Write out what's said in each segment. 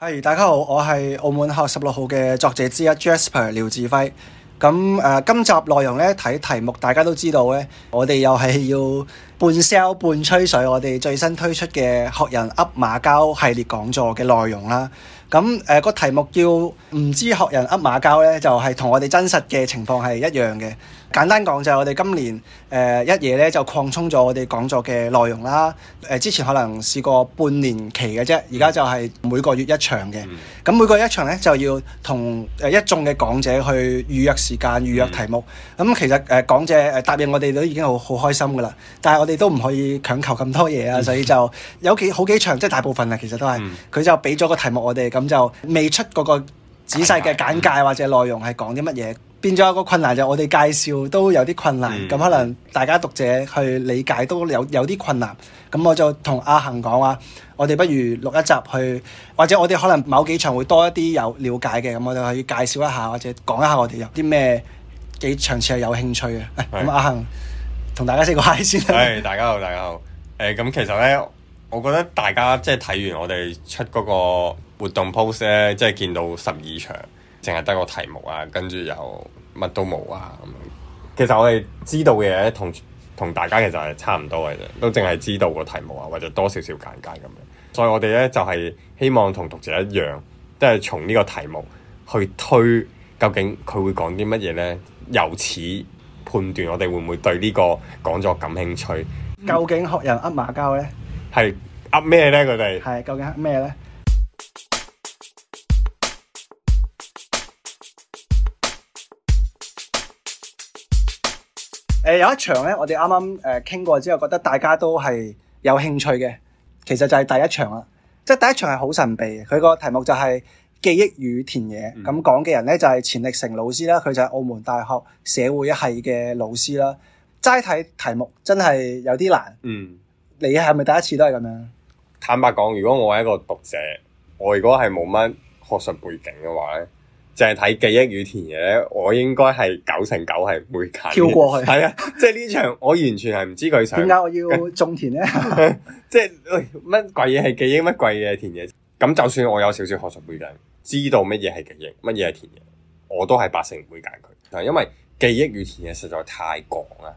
係大家好，我係澳門學十六號嘅作者之一 Jasper 廖志輝。咁誒、呃，今集內容咧，睇題目，大家都知道咧，我哋又係要半 sell 半吹水，我哋最新推出嘅學人噏馬交系列講座嘅內容啦。咁誒，個、呃、題目叫唔知學人噏馬交咧，就係、是、同我哋真實嘅情況係一樣嘅。簡單講就係、是、我哋今年誒、呃、一嘢咧就擴充咗我哋講座嘅內容啦。誒、呃、之前可能試過半年期嘅啫，而家就係每個月一場嘅。咁、嗯、每個月一場咧就要同誒一眾嘅講者去預約時間、預約題目。咁、嗯嗯、其實誒講者誒答應我哋都已經好好開心㗎喇。但係我哋都唔可以強求咁多嘢啊，嗯、所以就有幾好幾場即係大部分啊，其實都係佢、嗯、就俾咗個題目我哋，咁就未出嗰個仔細嘅簡介或者內容係講啲乜嘢，變咗一個困難就我哋介紹都有啲困難，咁、嗯、可能大家讀者去理解都有有啲困難。咁我就同阿恆講話，我哋不如錄一集去，或者我哋可能某幾場會多一啲有了解嘅，咁我哋可以介紹一下或者講一下我哋有啲咩幾場次係有興趣嘅。咁是阿恆，同大家識個嗨先。係大家好，大家好。誒、呃，咁其實呢，我覺得大家即係睇完我哋出嗰、那個，活動 post 咧，即係見到十二場，淨係得個題目啊，跟住又乜都冇啊咁樣。其實我哋知道嘅嘢同同大家其實係差唔多嘅啫，都淨係知道個題目啊，或者多少少簡介咁樣。所以我哋咧就係、是、希望同讀者一樣，都係從呢個題目去推究竟佢會講啲乜嘢咧，由此判斷我哋會唔會對呢個講座感興趣。嗯、究竟學人噏馬交咧，係噏咩咧？佢哋係究竟噏咩咧？誒、呃，有一場咧，我哋啱啱誒傾過之後，覺得大家都係有興趣嘅，其實就係第一場啦。即係第一場係好神秘，佢個題目就係、是、記憶與田野。咁講嘅人咧就係、是、錢力成老師啦，佢就係澳門大學社會一系嘅老師啦。齋睇題目真係有啲難。嗯，你係咪第一次都係咁樣？坦白講，如果我係一個讀者，我如果係冇乜學術背景嘅話咧。就係睇記憶與田野咧，我應該係九成九係會揀跳過去，係 啊！即係呢場我完全係唔知佢想點解我要種田咧？ 即係乜鬼嘢係記憶？乜鬼嘢田野？咁就算我有少少學術背景，知道乜嘢係記憶，乜嘢係田野，我都係八成會揀佢。但就因為記憶與田野實在太廣啦。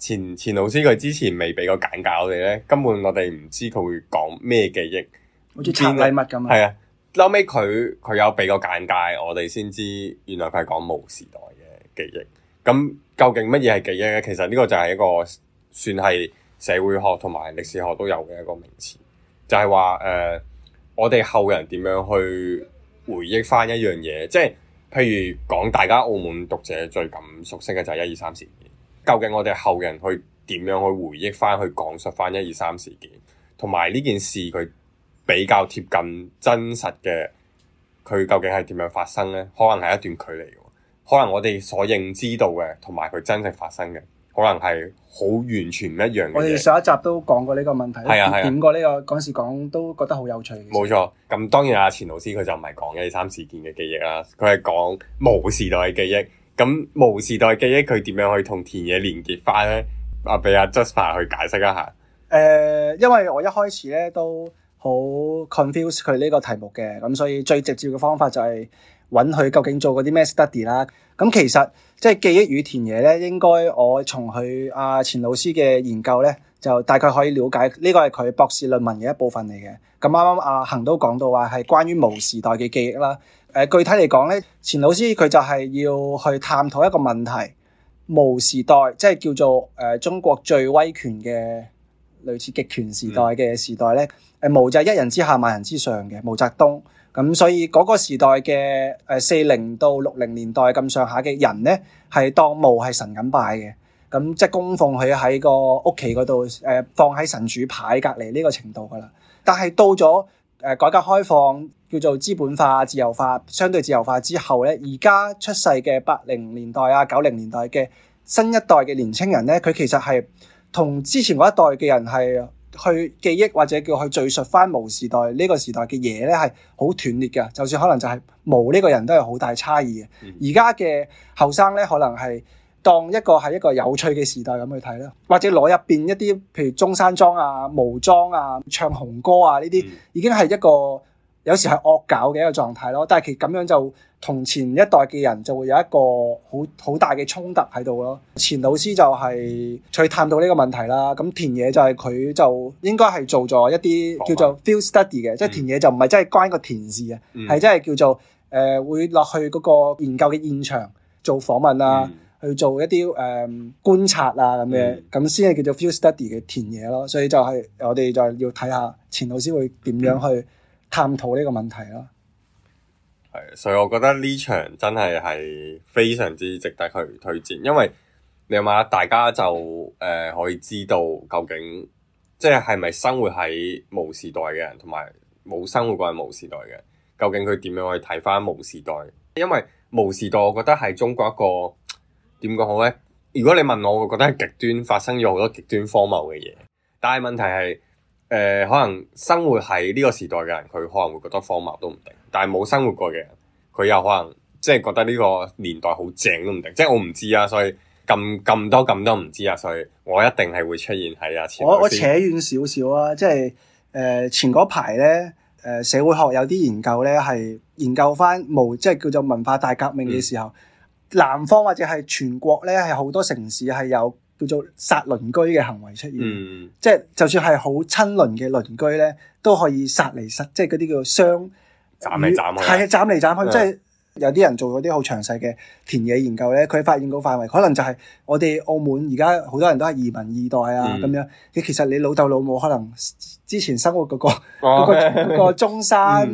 錢錢老師佢之前未俾個簡教我哋咧，根本我哋唔知佢會講咩記憶，好似拆禮物咁啊！啊！後尾佢佢有俾個簡介，我哋先知原來佢係講毛時代嘅記憶。咁究竟乜嘢係記憶咧？其實呢個就係一個算係社會學同埋歷史學都有嘅一個名詞，就係話誒，我哋後人點樣去回憶翻一樣嘢？即係譬如講，大家澳門讀者最咁熟悉嘅就係一二三事件。究竟我哋後人去點樣去回憶翻、去講述翻一二三事件，同埋呢件事佢，比較貼近真實嘅佢究竟係點樣發生呢？可能係一段距離嘅，可能我哋所認知道嘅同埋佢真正發生嘅，可能係好完全唔一樣嘅。我哋上一集都講過呢個問題，啊啊、點過呢、呢個嗰陣時講都覺得好有趣。冇錯，咁當然阿錢老師佢就唔係講一二三事件嘅記憶啦，佢係講毛時代嘅記憶。咁毛時代嘅記憶佢點樣去同田野連結翻呢？啊，俾阿 Jasper 去解釋一下。誒、呃，因為我一開始咧都，好 confuse 佢呢個題目嘅，咁所以最直接嘅方法就係揾佢究竟做過啲咩 study 啦。咁其實即係、就是、記憶與田野咧，應該我從佢阿錢老師嘅研究咧，就大概可以了解呢、這個係佢博士論文嘅一部分嚟嘅。咁啱啱阿恆都講到話係關於毛時代嘅記憶啦。誒、呃，具體嚟講咧，錢老師佢就係要去探討一個問題，毛時代即係、就是、叫做誒、呃、中國最威權嘅。類似極權時代嘅時代咧，誒、嗯、毛就係一人之下萬人之上嘅毛澤東，咁所以嗰個時代嘅誒四零到六零年代咁上下嘅人咧，係當毛係神咁拜嘅，咁即係供奉佢喺個屋企嗰度誒放喺神主牌隔離呢個程度㗎喇。但係到咗誒、呃、改革開放叫做資本化、自由化、相對自由化之後咧，而家出世嘅八零年代啊、九零年代嘅新一代嘅年青人咧，佢其實係，同之前嗰一代嘅人係去記憶或者叫去敍述翻毛時代呢個時代嘅嘢呢係好斷裂嘅。就算可能就係毛呢個人都係好大差異嘅。而家嘅後生呢，可能係當一個係一個有趣嘅時代咁去睇啦，或者攞入邊一啲譬如中山裝啊、毛裝啊、唱紅歌啊呢啲，已經係一個。有時係惡搞嘅一個狀態咯，但係其咁樣就同前一代嘅人就會有一個好好大嘅衝突喺度咯。前老師就係去探討呢個問題啦。咁田野就係佢就應該係做咗一啲叫做 field study 嘅，問即係田野就唔係真係關個田事啊，係、嗯、真係叫做誒、呃、會落去嗰個研究嘅現場做訪問啊，嗯、去做一啲誒、呃、觀察啊咁嘅，咁先係叫做 field study 嘅田野咯。所以就係我哋就要睇下前老師會點樣去、嗯。探討呢個問題咯，係，所以我覺得呢場真係係非常之值得去推薦，因為你話大家就誒、呃、可以知道究竟即係係咪生活喺毛時代嘅人，同埋冇生活過喺毛時代嘅，究竟佢點樣去睇返毛時代？因為毛時代，我覺得係中國一個點講好咧？如果你問我，我覺得係極端發生咗好多極端荒謬嘅嘢，但係問題係。誒、呃，可能生活喺呢個時代嘅人，佢可能會覺得荒謬都唔定，但係冇生活過嘅人，佢又可能即係覺得呢個年代好正都唔定，即係我唔知啊，所以咁咁多咁多唔知啊，所以我一定係會出現喺啊。我我扯遠少少啊，即係誒、呃、前嗰排咧，誒社會學有啲研究咧，係研究翻毛即係叫做文化大革命嘅時候，嗯、南方或者係全國咧係好多城市係有。叫做殺鄰居嘅行為出現，嗯、即係就算係好親鄰嘅鄰居咧，都可以殺嚟殺，iken, 即係嗰啲叫傷斬嚟斬去，係啊，斬嚟斬去，即係有啲人做嗰啲好詳細嘅田野研究咧，佢發現個範圍可能就係我哋澳門而家好多人都係移民二代啊咁、嗯、樣。你其實你老豆老母可能之前生活嗰個嗰個中山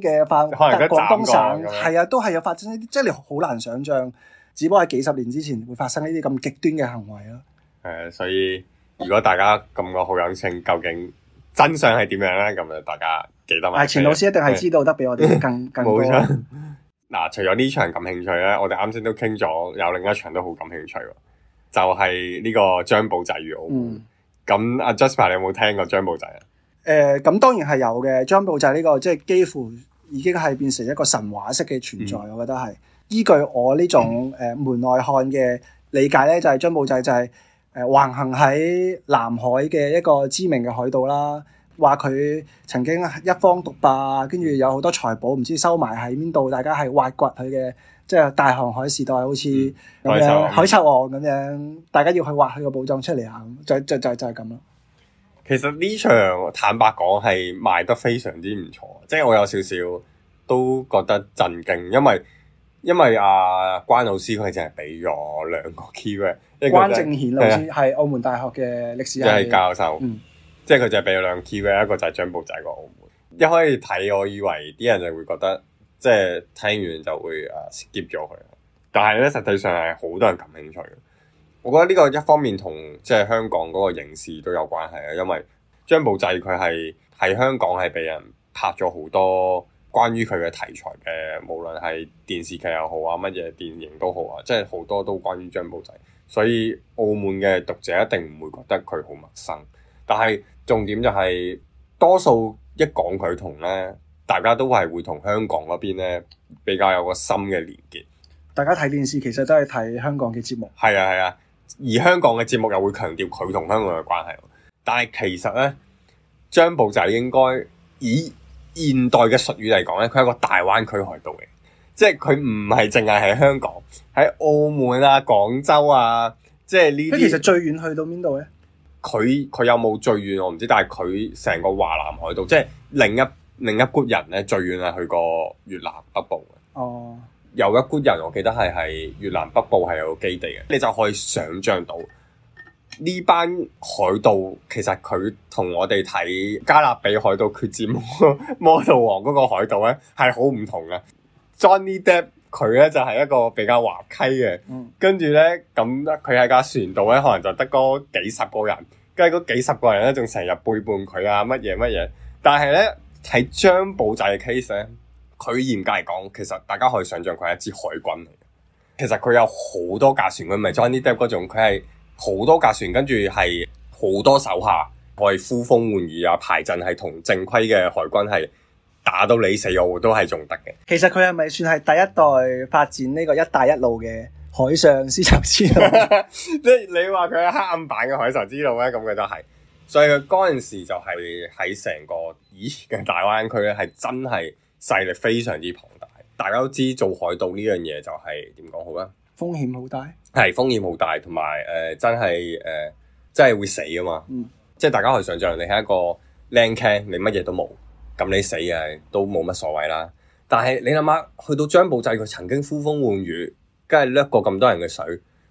嘅範圍，廣東省係啊，都係有發生呢啲，即係你好難想像，只不過係幾十年之前會發生呢啲咁極端嘅行為啦。誒、呃，所以如果大家咁個好奇心，究竟真相係點樣咧？咁就大家記得埋。阿錢老師一定係知道得比我哋更。冇錯。嗱，除咗呢場感興趣咧，我哋啱先都傾咗，有另一場都好感興趣喎。就係、是、呢個張保仔與澳門。咁阿、嗯啊、Jasper，你有冇聽過張保仔啊？誒、呃，咁當然係有嘅。張保仔呢、這個即係、就是、幾乎已經係變成一個神話式嘅存在，嗯、我覺得係依據我呢種誒、呃呃、門外漢嘅理解咧，就係、是、張保仔就係、是。誒、呃、橫行喺南海嘅一個知名嘅海盜啦，話佢曾經一方獨霸，跟住有好多財寶，唔知收埋喺邊度，大家係挖掘佢嘅，即係大航海時代好似海賊王咁樣，大家要去挖佢個寶藏出嚟啊！就就就就係咁咯。其實呢場坦白講係賣得非常之唔錯，即係我有少少都覺得震驚，因為。因為啊關老師佢淨係俾咗兩個 keyword，關正賢老師係、就係啊、澳門大學嘅歷史系，教授。嗯、即係佢淨係俾咗兩個 keyword，一個就係張保仔個澳門。一開始睇我以為啲人就會覺得，即係聽完就會啊 skip 咗佢。但係咧，實際上係好多人感興趣。我覺得呢個一方面同即係香港嗰個形事都有關係啊。因為張保仔佢係喺香港係俾人拍咗好多。關於佢嘅題材嘅，無論係電視劇又好啊，乜嘢電影都好啊，即係好多都關於張保仔，所以澳門嘅讀者一定唔會覺得佢好陌生。但係重點就係、是，多數一講佢同咧，大家都係會同香港嗰邊咧比較有個深嘅連結。大家睇電視其實都係睇香港嘅節目，係啊係啊，而香港嘅節目又會強調佢同香港嘅關係。但係其實咧，張保仔應該以。現代嘅術語嚟講咧，佢係一個大灣區海盜嘅，即係佢唔係淨係喺香港，喺澳門啊、廣州啊，即係呢啲。其實最遠去到邊度咧？佢佢有冇最遠我唔知，但係佢成個華南海盜，即係另一另一 group 人咧，最遠係去過越南北部。哦，有一 group 人我記得係係越南北部係有基地嘅，你就可以想象到。呢班海盜其實佢同我哋睇加勒比海盜決戰魔盜王嗰個海盜咧係好唔同嘅。Johnny Depp 佢咧就係、是、一個比較滑稽嘅，嗯、跟住咧咁佢喺架船度咧，可能就得嗰幾十個人，跟住嗰幾十個人咧仲成日背叛佢啊乜嘢乜嘢。但係咧喺張保仔嘅 case 咧，佢嚴格嚟講，其實大家可以想像佢係一支海軍嚟嘅。其實佢有好多架船，佢唔係 Johnny Depp 嗰種，佢係。好多架船，跟住係好多手下，可以呼風喚雨啊！排陣係同正規嘅海軍係打到你死我活都係仲得嘅。其實佢係咪算係第一代發展呢個一帶一路嘅海上絲綢之路？即係 你話佢係黑暗版嘅海上絲綢之路咧，咁佢就係、是。所以嗰陣時就係喺成個咦嘅大灣區咧，係真係勢力非常之龐大。大家都知做海盜、就是、呢樣嘢就係點講好咧？風險好大，係風險好大，同埋誒真係誒、呃、真係會死啊嘛！嗯、即係大家可以想象，你係一個靚 can，你乜嘢都冇，咁你死啊都冇乜所謂啦。但係你諗下，去到張保仔，佢曾經呼風喚雨，梗係掠過咁多人嘅水，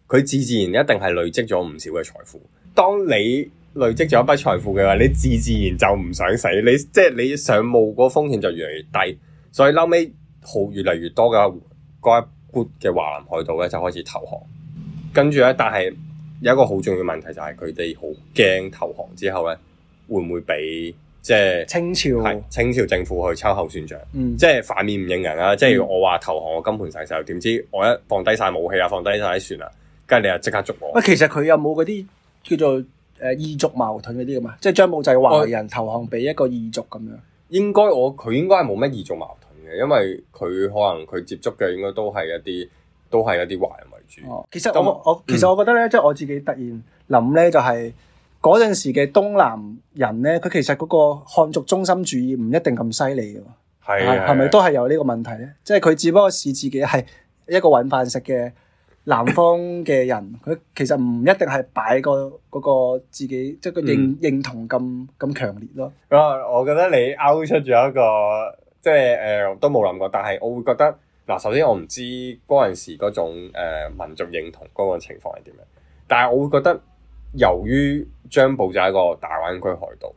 佢自自然一定係累積咗唔少嘅財富。當你累積咗一筆財富嘅話，你自自然就唔想死，你即係、就是、你上冒個風險就越嚟越低。所以後尾號越嚟越多嘅一。嘅華南海盜咧，就開始投降，跟住咧，但係有一個好重要問題就係佢哋好驚投降之後咧，會唔會俾即係清朝？係清朝政府去秋後算賬，嗯啊，即係反面唔認人啦。即係我話投降，我金盆洗手，點知我一放低晒武器啊，放低曬船啊，跟住你又即刻捉我。喂，其實佢有冇嗰啲叫做誒、呃、異族矛盾嗰啲咁嘛？即係張保仔華人投降俾一個異族咁樣，嗯？應該我佢應該係冇乜異族矛盾。因為佢可能佢接觸嘅應該都係一啲，都係一啲華人為主，哦。其實我東我其實我覺得咧，即係、嗯、我自己突然諗咧，就係嗰陣時嘅東南人咧，佢其實嗰個漢族中心主義唔一定咁犀利嘅。係係咪都係有呢個問題咧？即係佢只不過是自己係一個揾飯食嘅南方嘅人，佢 其實唔一定係擺個個自己即係佢認、嗯、認同咁咁強烈咯。我覺得你勾出咗一個。即係誒、呃，都冇諗過，但係我會覺得嗱，首先我唔知嗰陣時嗰種誒、呃、民族認同嗰個情況係點樣，但係我會覺得由於張保仔一個大灣區海盜，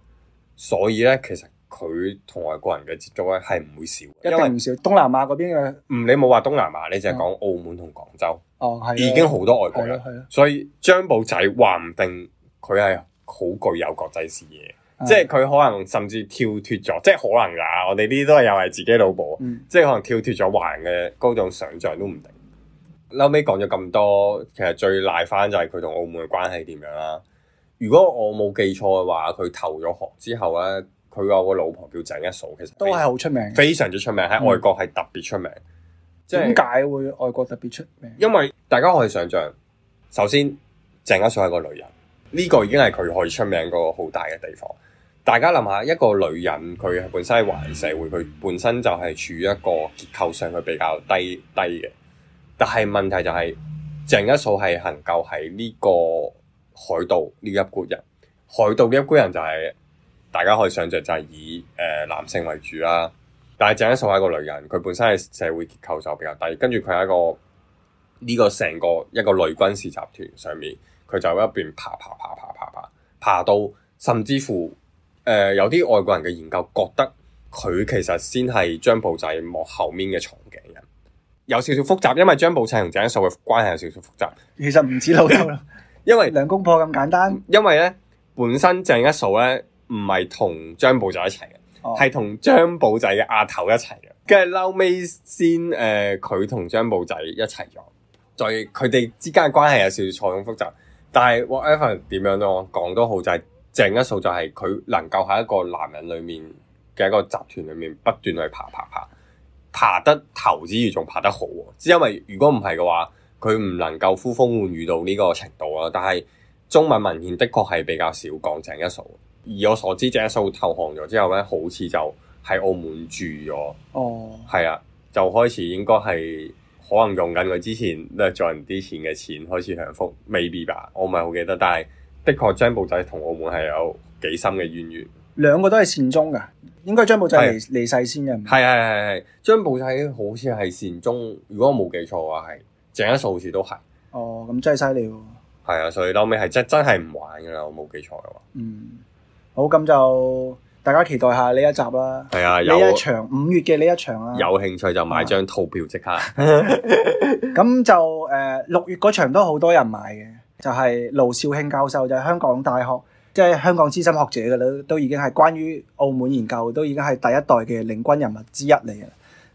所以咧其實佢同外國人嘅接觸咧係唔會少，一定唔少。東南亞嗰邊嘅，唔你冇話東南亞，你淨係講澳門同廣州哦，係已經好多外國人，係咯，所以張保仔話唔定佢係好具有國際視野。即係佢可能甚至跳脫咗，即係可能噶。我哋呢啲都係又係自己老婆，嗯、即係可能跳脫咗華人嘅嗰種想象都唔定。後尾講咗咁多，其實最賴翻就係佢同澳門嘅關係點樣啦。如果我冇記錯嘅話，佢投咗學之後咧，佢有個老婆叫鄭一嫂，其實都係好出，出名，非常之出名，喺外國係特別出名。點解、嗯、是會外國特別出名？因為大家可以想象，首先鄭一嫂係個女人，呢、這個已經係佢可以出名個好大嘅地方。大家諗下，一個女人佢本身喺華人社會，佢本身就係處於一個結構上佢比較低低嘅。但係問題就係、是，鄭一嫂係能夠喺呢個海盜呢一群人，海盜呢一群人就係、是、大家可以想象就係以誒、呃、男性為主啦。但係鄭一嫂係一個女人，佢本身嘅社會結構就比較低，跟住佢係一個呢、這個成個一個女軍事集團上面，佢就一邊爬爬爬爬爬爬爬，爬到甚至乎。誒、呃，有啲外國人嘅研究覺得佢其實先係張保仔幕後面嘅藏鏡人，有少少複雜，因為張保仔同鄭一嫂嘅關係有少少複雜。其實唔似老友咯， 因為兩公婆咁簡單。因為咧，本身鄭一嫂咧唔係同張保仔一齊嘅，係同張保仔嘅阿頭一齊嘅，其實呃、跟住嬲尾先誒，佢同張保仔一齊咗，再佢哋之間嘅關係有少少錯綜複雜。但係 whatever 點樣咯，講都好就係、是。鄭一嫂就係佢能夠喺一個男人裏面嘅一個集團裏面不斷去爬爬爬，爬爬爬，爬得頭之餘仲爬得好，只因為如果唔係嘅話，佢唔能夠呼風喚雨到呢個程度啊！但係中文文獻的確係比較少講鄭一嫂。而我所知，鄭一嫂投降咗之後咧，好似就喺澳門住咗。哦，係啊，就開始應該係可能用緊佢之前都係在啲錢嘅錢開始享福未必吧。Maybe，我唔係好記得，但係。的確張保仔同澳門係有幾深嘅淵源，兩個都係善終噶，應該張保仔離離的世先嘅。係係係係，張寶嗎仔好似係善終，如果我冇記錯嘅話係鄭一嫂好似都係。哦，咁真係犀利喎！係啊，所以後尾係真真係唔玩噶啦，我冇記錯嘅話。嗯，好，咁就大家期待下呢一集啦。係啊，有一場五月嘅呢一場啦，有興趣就買張套票即刻。咁 就誒，六、呃、月嗰場都好多人買嘅。就係盧兆興教授，就係、香港大學即係、就係、香港資深學者嘅都都已經係關於澳門研究都已經係第一代嘅領軍人物之一嚟嘅。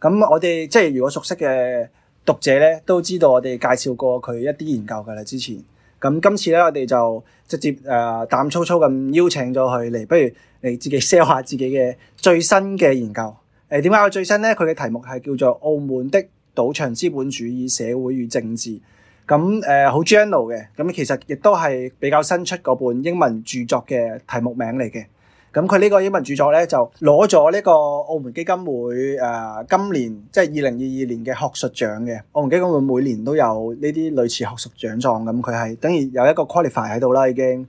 咁我哋即係如果熟悉嘅讀者咧，都知道我哋介紹過佢一啲研究嘅啦。之前咁今次咧，我哋就直接誒、呃、膽粗粗咁邀請咗佢嚟，不如你自己 sell 下自己嘅最新嘅研究。誒點解佢最新咧？佢嘅題目係叫做《澳門的賭場資本主義社會與政治》。咁誒好 general 嘅，咁、嗯嗯、其實亦都係比較新出嗰本英文著作嘅題目名嚟嘅。咁佢呢個英文著作呢，就攞咗呢個澳門基金會誒、呃、今年即係二零二二年嘅學術獎嘅。澳門基金會每年都有呢啲類似學術獎狀咁，佢、嗯、係等於有一個 qualify 喺度啦。已經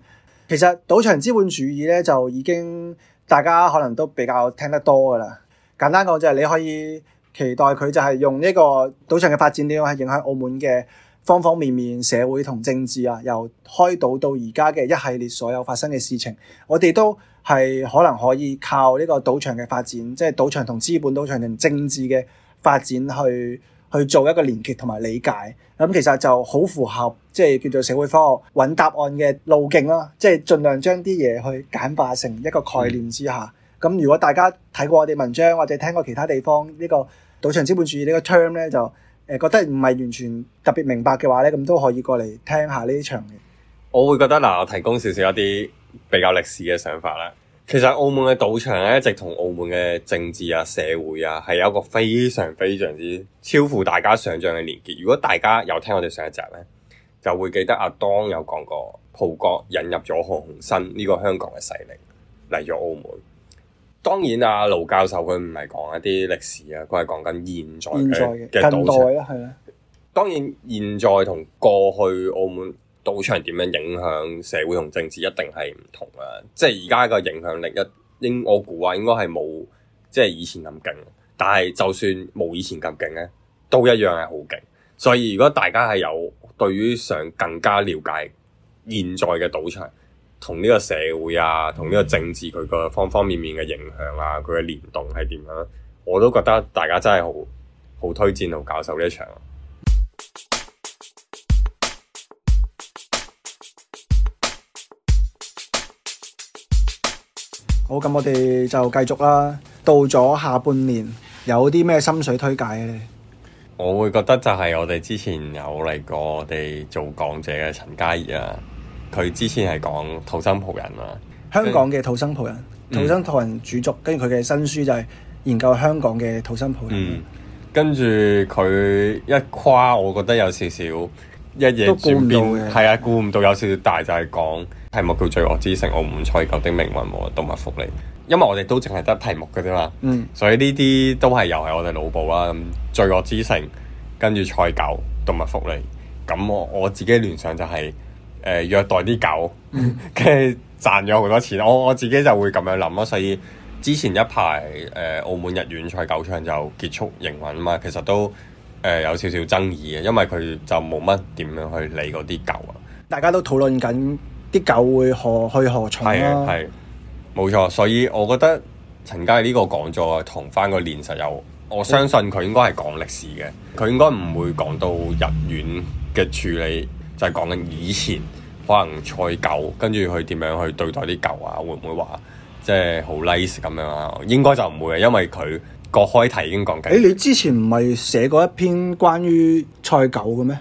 其實賭場資本主義呢，就已經大家可能都比較聽得多噶啦。簡單講就係你可以期待佢就係用呢個賭場嘅發展點樣係影響澳門嘅。方方面面、社會同政治啊，由開島到而家嘅一系列所有發生嘅事情，我哋都係可能可以靠呢個賭場嘅發展，即係賭場同資本賭場同政治嘅發展去去做一個連結同埋理解。咁、嗯、其實就好符合即係叫做社會科學揾答案嘅路徑啦。即係盡量將啲嘢去簡化成一個概念之下。咁、嗯、如果大家睇過我哋文章或者聽過其他地方呢、這個賭場資本主義呢個 term 咧，就。誒覺得唔係完全特別明白嘅話呢咁都可以過嚟聽下呢場。我會覺得嗱，呃，我提供少少一啲比較歷史嘅想法啦。其實澳門嘅賭場咧，一直同澳門嘅政治啊、社會啊，係有一個非常非常之超乎大家想象嘅連結。如果大家有聽我哋上一集呢，就會記得阿當有講過，葡國引入咗何鴻燊呢個香港嘅勢力嚟咗澳門。當然，阿盧教授佢唔係講一啲歷史啊，佢係講緊現在嘅賭。現代啦，係啦。當然，現在同過去澳門賭場點樣影響社會同政治，一定係唔同啦。即係而家嘅影響力一，一應我估話，應該係冇即係以前咁勁。但係就算冇以前咁勁咧，都一樣係好勁。所以如果大家係有對於想更加了解現在嘅賭場。同呢個社會啊，同呢個政治佢個方方面面嘅影響啊，佢嘅聯動係點樣？我都覺得大家真係好好推薦盧教授呢一場。好，咁我哋就繼續啦。到咗下半年，有啲咩心水推介呢？我會覺得就係我哋之前有嚟過我哋做講者嘅陳嘉怡啊。佢之前係講土生葡人啊，嗯、香港嘅土生葡人，土生葡人主粥，跟住佢嘅新書就係研究香港嘅土生葡人。嗯、跟住佢一誇，我覺得有少少一嘢轉變，係啊，估唔到有少少大，就係講題目叫罪惡之城、澳門賽狗的命運和動物福利。因為我哋都淨係得題目嘅啫嘛，嗯，所以呢啲都係又係我哋腦補啊。罪惡之城，跟住賽狗、動物福利。咁我我自己聯想就係、是。誒、呃、虐待啲狗，跟住、嗯、 賺咗好多錢。我我自己就會咁樣諗咯，所以之前一排誒、呃、澳門逸園賽狗場就結束營運啊嘛，其實都誒、呃、有少少爭議嘅，因為佢就冇乜點樣去理嗰啲狗啊。大家都討論緊啲狗會何去何從咯，啊。係，冇錯。所以我覺得陳佳呢個講座同翻個現實有，我相信佢應該係講歷史嘅，佢應該唔會講到逸園嘅處理，就係、是、講緊以前。可能賽狗，跟住佢點樣去對待啲狗啊？會唔會話即係好 nice 咁樣啊？應該就唔會嘅，因為佢個開題已經講緊。誒，你之前唔係寫過一篇關於賽狗嘅咩？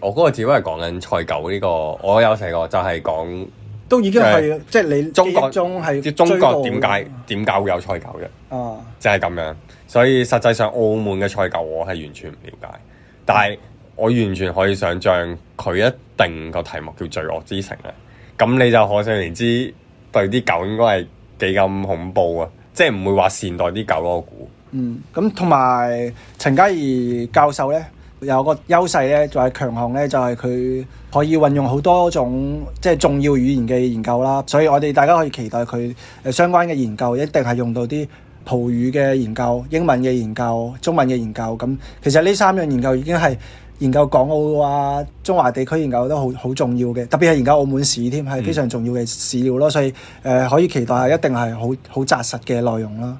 我嗰個字都係講緊賽狗呢個，我有寫過就，就係講都已經係即係你中國中係即中國點解點解會有賽狗嘅？哦、啊，即係咁樣。所以實際上澳門嘅賽狗，我係完全唔了解，但係我完全可以想像佢一。定個題目叫《罪惡之城》啊，咁你就可想而知對啲狗應該係幾咁恐怖啊，即係唔會話善待啲狗咯，我估。嗯，咁同埋陳嘉怡教授呢，有個優勢呢就係強項呢，就係、是、佢可以運用好多種即係、就是、重要語言嘅研究啦。所以我哋大家可以期待佢相關嘅研究，一定係用到啲葡語嘅研究、英文嘅研究、中文嘅研究。咁其實呢三樣研究已經係。研究港澳啊，中華地區研究都好好重要嘅，特別係研究澳門史添，係非常重要嘅史料咯。嗯、所以誒、呃，可以期待下，一定係好好紮實嘅內容啦。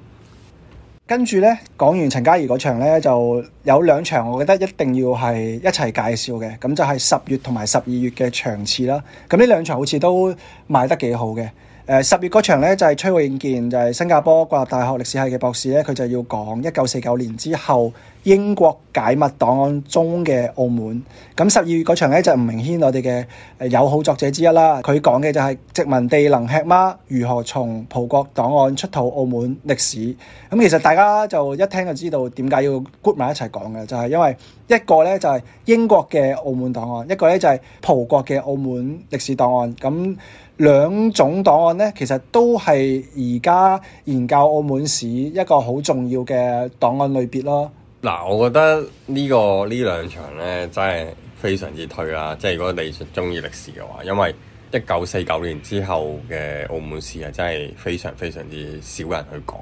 跟住呢，講完陳嘉怡嗰場咧，就有兩場，我覺得一定要係一齊介紹嘅，咁就係十月同埋十二月嘅場次啦。咁呢兩場好似都賣得幾好嘅。誒、呃，十月嗰場咧就係、是、崔永健，就係、是、新加坡國立大學歷史系嘅博士呢，佢就要講一九四九年之後，英國解密檔案中嘅澳門。咁十二月嗰場咧就吳明軒，我哋嘅友好作者之一啦。佢講嘅就係殖民地能吃嗎？如何從葡國檔案出土澳門歷史？咁其實大家就一聽就知道點解要 group 埋一齊講嘅，就係、是、因為一個咧就係、是、英國嘅澳門檔案，一個咧就係、是、葡國嘅澳門歷史檔案。咁兩種檔案咧，其實都係而家研究澳門史一個好重要嘅檔案類別咯。嗱，我覺得呢、這個呢兩場呢，真係非常之推啦、啊。即係如果你中意歷史嘅話，因為一九四九年之後嘅澳門史啊，真係非常非常之少人去講。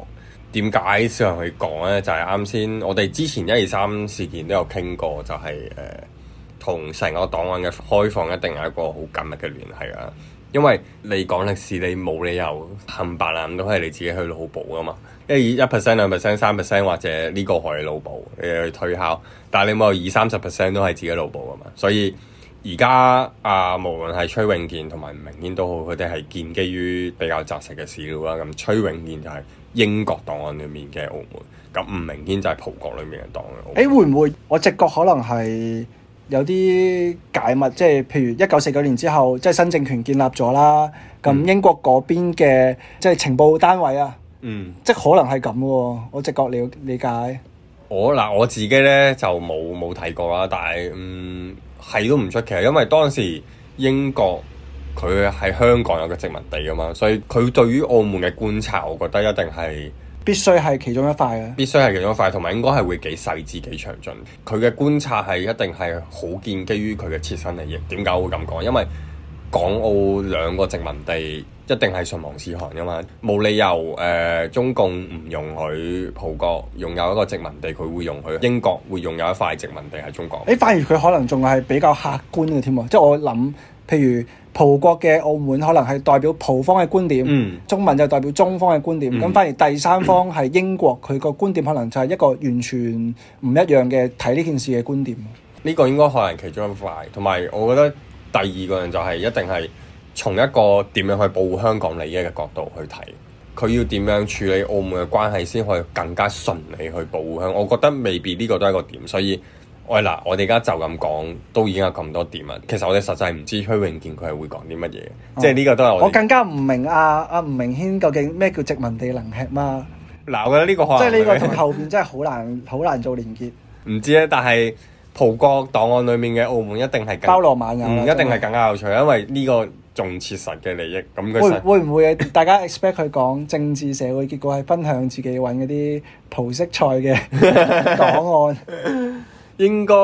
點解少人去講呢？就係啱先，我哋之前一二三事件都有傾過，就係、是、誒，同、呃、成個檔案嘅開放一定有一個好緊密嘅聯繫啦。因為你講歷史，你冇理由冚唪唥都係你自己去腦補噶嘛。一 percent、兩 percent、三 percent 或者呢個可以腦補，你去推敲。但係你冇二三十 percent 都係自己腦補啊嘛。所以而家啊，無論係崔永健同埋吳明軒都好，佢哋係建基於比較紮實嘅史料啦。咁崔永健就係英國檔案裏面嘅澳門，咁吳明軒就係葡國裏面嘅檔案。誒、欸，會唔會我直覺可能係有啲解密？即係譬如一九四九年之後，即係新政權建立咗啦。咁英國嗰邊嘅即係情報單位啊。嗯，即可能係咁喎，我直覺了理解。我嗱我自己咧就冇冇睇過啦，但係嗯係都唔出奇，因為當時英國佢喺香港有個殖民地啊嘛，所以佢對於澳門嘅觀察，我覺得一定係必須係其中一塊嘅。必須係其中一塊，同埋應該係會幾細緻、幾詳盡。佢嘅觀察係一定係好建基於佢嘅切身利益。點解我會咁講？因為港澳兩個殖民地。一定係唇亡齒寒噶嘛，冇理由誒、呃、中共唔容許葡國擁有一個殖民地，佢會容許英國會擁有一塊殖民地喺中國。誒，反而佢可能仲係比較客觀嘅添，即、就、係、是、我諗，譬如葡國嘅澳門可能係代表葡方嘅觀點，嗯、中文就代表中方嘅觀點，咁、嗯、反而第三方係英國，佢個、嗯、觀點可能就係一個完全唔一樣嘅睇呢件事嘅觀點。呢個應該可能其中一塊，同埋我覺得第二個人就係一定係。從一個點樣去保護香港利益嘅角度去睇，佢要點樣處理澳門嘅關係，先可以更加順利去保護香港。我覺得未必呢個都係一個點，所以我嗱，我哋而家就咁講，都已經有咁多點啊。其實我哋實際唔知崔永健佢係會講啲乜嘢，嗯、即係呢個都係我，我更加唔明、啊。阿、啊、阿吳明軒究竟咩叫殖民地能吃嘛？嗱，我覺得呢個即係呢個同後邊真係好難好 難做連結。唔知啊，但係葡國檔案裡面嘅澳門一定係包羅萬有，一定係更加有趣，因為呢、呢個。仲切實嘅利益，咁佢會唔會，會大家 expect 佢講政治社會，結果係分享自己揾嗰啲葡式菜嘅 檔案？應該，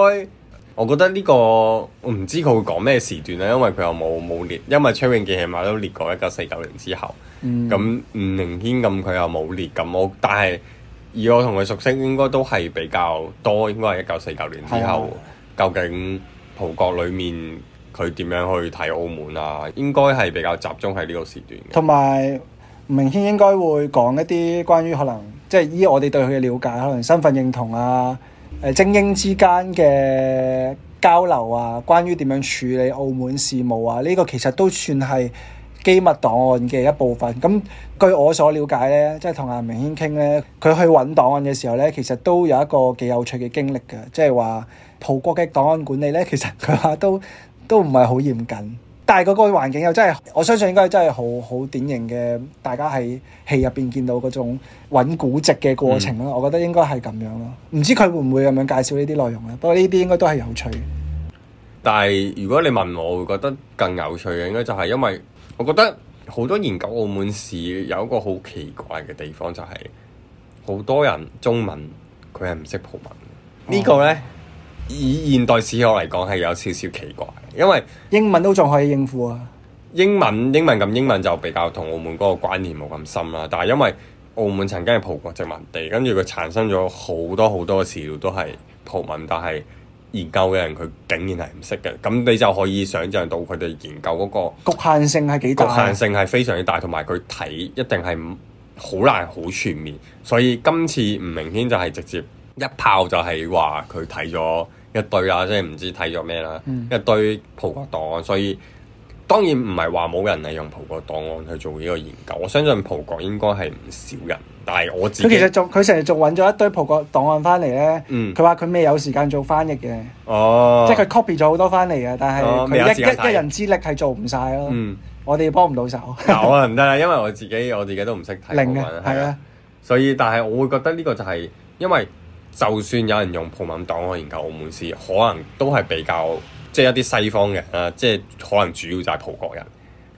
我覺得呢、這個我唔知佢會講咩時段啦，因為佢又冇冇列，因為崔永健起碼都列過一九四九年之後，咁、嗯、吳明軒咁佢又冇列咁，我但係以我同佢熟悉，應該都係比較多，應該係一九四九年之後，哦、究竟葡國裏面？佢點樣去睇澳門啊？應該係比較集中喺呢個時段。同埋明軒應該會講一啲關於可能，即係以我哋對佢嘅了解，可能身份認同啊，誒精英之間嘅交流啊，關於點樣處理澳門事務啊，呢個其實都算係機密檔案嘅一部分。咁據我所了解呢，即係同阿明軒傾呢，佢去揾檔案嘅時候呢，其實都有一個幾有趣嘅經歷嘅，即係話葡國嘅檔案管理呢，其實佢話都，都唔係好嚴謹，但係嗰個環境又真係，我相信應該真係好好典型嘅，大家喺戲入邊見到嗰種揾古籍嘅過程咯。嗯、我覺得應該係咁樣咯，唔知佢會唔會咁樣介紹呢啲內容呢？不過呢啲應該都係有趣。但係如果你問我，會覺得更有趣嘅應該就係，因為我覺得好多研究澳門史有一個好奇怪嘅地方，就係、是、好多人中文佢係唔識葡文，呢、哦、個呢？以現代史學嚟講係有少少奇怪，因為英文都仲可以應付啊。英文英文咁英文就比較同澳門嗰個關聯冇咁深啦。但係因為澳門曾經係葡國殖民地，跟住佢產生咗好多好多嘅史料都係葡文，但係研究嘅人佢竟然係唔識嘅。咁你就可以想像到佢哋研究嗰個局限性係幾大，局限性係非常之大，同埋佢睇一定係好難好全面。所以今次唔明顯就係直接。一炮就係話佢睇咗一堆啦，即係唔知睇咗咩啦，嗯、一堆葡國檔案，所以當然唔係話冇人係用葡國檔案去做呢個研究。我相信葡國應該係唔少人，但係我自己其實仲佢成日仲揾咗一堆葡國檔案翻嚟咧。佢話佢未有時間做翻譯嘅。哦，即係佢 copy 咗好多翻嚟嘅，但係佢一、哦、有一人之力係做唔晒咯。我哋幫唔到手。有啊，唔得啦，是是因為我自己我自己都唔識睇係啊，所以但係我會覺得呢個就係因為。就算有人用葡文當我研究澳門史，可能都係比較即係一啲西方嘅啦，即係可能主要就係葡國人，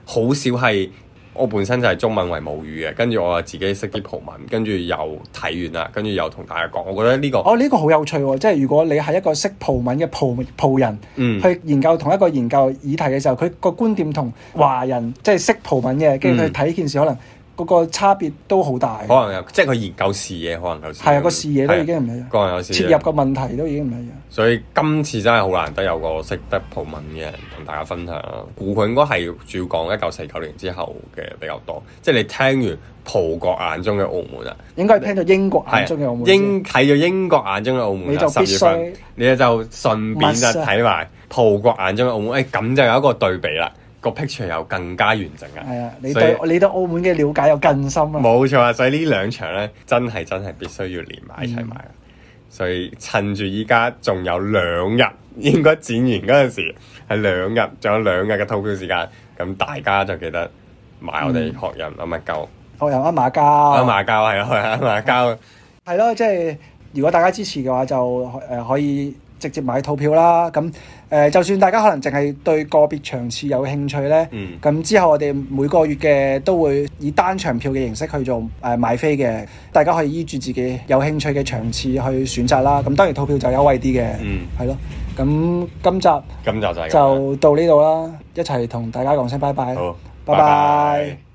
好少係我本身就係中文為母語嘅，跟住我自己識啲葡文，跟住又睇完啦，跟住又同大家講，我覺得呢個哦呢個好有趣喎、哦！即係如果你係一個識葡文嘅葡葡人，嗯、去研究同一個研究議題嘅時候，佢個觀點同華人、嗯、即係識葡文嘅，跟住睇件事可能。嗰個差別都好大，可能又即係佢研究視野，可能有又係啊個視野都已經唔一樣，切入個問題都已經唔一樣。所以今次真係好難得有個識得葡文嘅人同大家分享啊！估佢應該係主要講一九四九年之後嘅比較多，即係你聽完葡國眼中嘅澳門啊，應該係聽咗英國眼中嘅澳門，的英睇咗英國眼中嘅澳門，你就必須以你就順便就睇埋葡國眼中嘅澳門，誒、哎、咁就有一個對比啦。個 picture 又更加完整嘅，係啊！你對以你對澳門嘅了解又更深啊！冇錯啊，所以呢兩場咧，真係真係必須要連埋一齊買。嗯、所以趁住依家仲有兩日，應該剪完嗰陣時係兩日，仲有兩日嘅套票時間，咁大家就記得買我哋學人噏馬交學人噏馬交噏馬交係啊係噏馬交係咯，即係如果大家支持嘅話，就誒可以。直接買套票啦，咁誒、呃，就算大家可能淨係對個別場次有興趣呢，咁、嗯、之後我哋每個月嘅都會以單場票嘅形式去做誒、呃、買飛嘅，大家可以依住自己有興趣嘅場次去選擇啦。咁當然套票就優惠啲嘅，係咯、嗯。咁今集今集就、就到呢度啦，一齊同大家講聲拜拜，好拜拜。拜拜。